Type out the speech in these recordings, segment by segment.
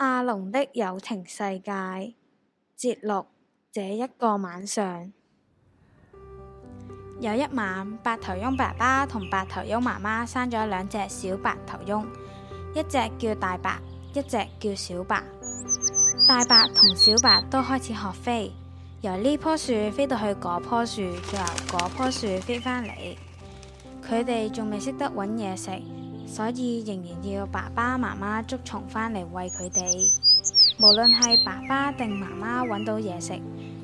阿濃的有情世界節錄：這一個晚上，有一晚，白頭翁爸爸同白頭翁媽媽生咗兩隻小白頭翁，一隻叫大白，一隻叫小白。大白同小白都開始學飛，由呢棵樹飛到去嗰棵樹，再由嗰棵樹飛返嚟。佢哋仲未識得搵嘢食。所以仍然要爸爸媽媽捉蟲返嚟餵佢哋。無論係爸爸定媽媽揾到嘢食，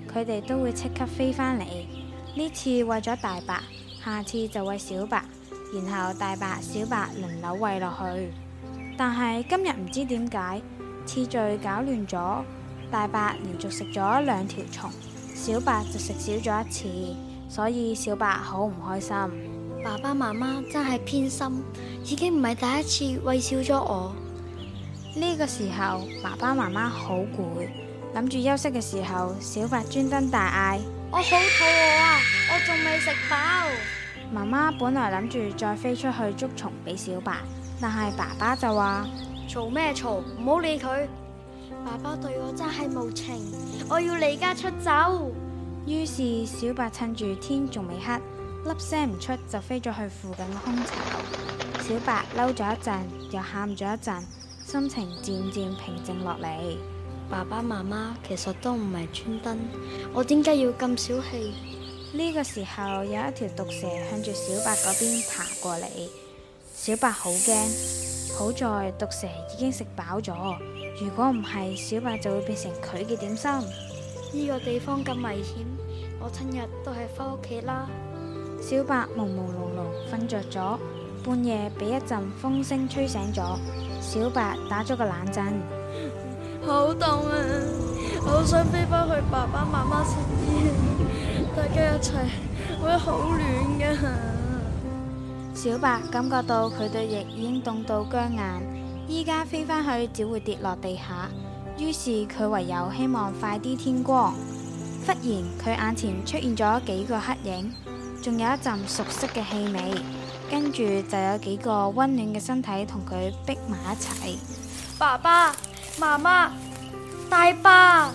佢哋都會即刻飛返嚟。呢次餵咗大白，下次就餵小白，然後大白、小白輪流餵落去。但係今日唔知點解次序搞亂咗，大白連續食咗兩條蟲，小白就食少咗一次，所以小白好唔開心。爸爸媽媽真係偏心，已經唔係第一次喂少咗我。呢個時候，爸爸媽媽好攰，諗住休息嘅時候，小白專登大嗌：我好肚餓啊，我仲未食飽。媽媽本來諗住再飛出去捉蟲俾小白，但係爸爸就話：嘈咩嘈，唔好理佢。爸爸對我真係無情，我要離家出走。於是小白趁住天仲未黑。粒聲唔出就飛咗去附近嘅空巢，小白嬲咗一陣，又喊咗一陣，心情漸漸平靜落嚟。爸爸媽媽其實都唔係專登，我點解要咁小氣？呢個時候有一條毒蛇向住小白嗰邊爬過嚟，小白好驚。好在毒蛇已經食飽咗，如果唔係，小白就會變成佢嘅點心。呢個地方咁危險，我聽日都係返屋企啦。小白朦朦朧朧瞓着咗，半夜俾一陣風聲吹醒咗。小白打咗個冷震，好凍啊！好想飛返去爸爸媽媽身邊，大家一齊會好暖㗎。小白感覺到佢對翼已經凍到僵硬，依家飛返去只會跌落地下。於是佢唯有希望快啲天光。忽然，佢眼前出現咗幾個黑影。仲有一陣熟悉嘅氣味，跟住就有幾個溫暖嘅身體同佢逼埋一齊。爸爸、媽媽、大爸。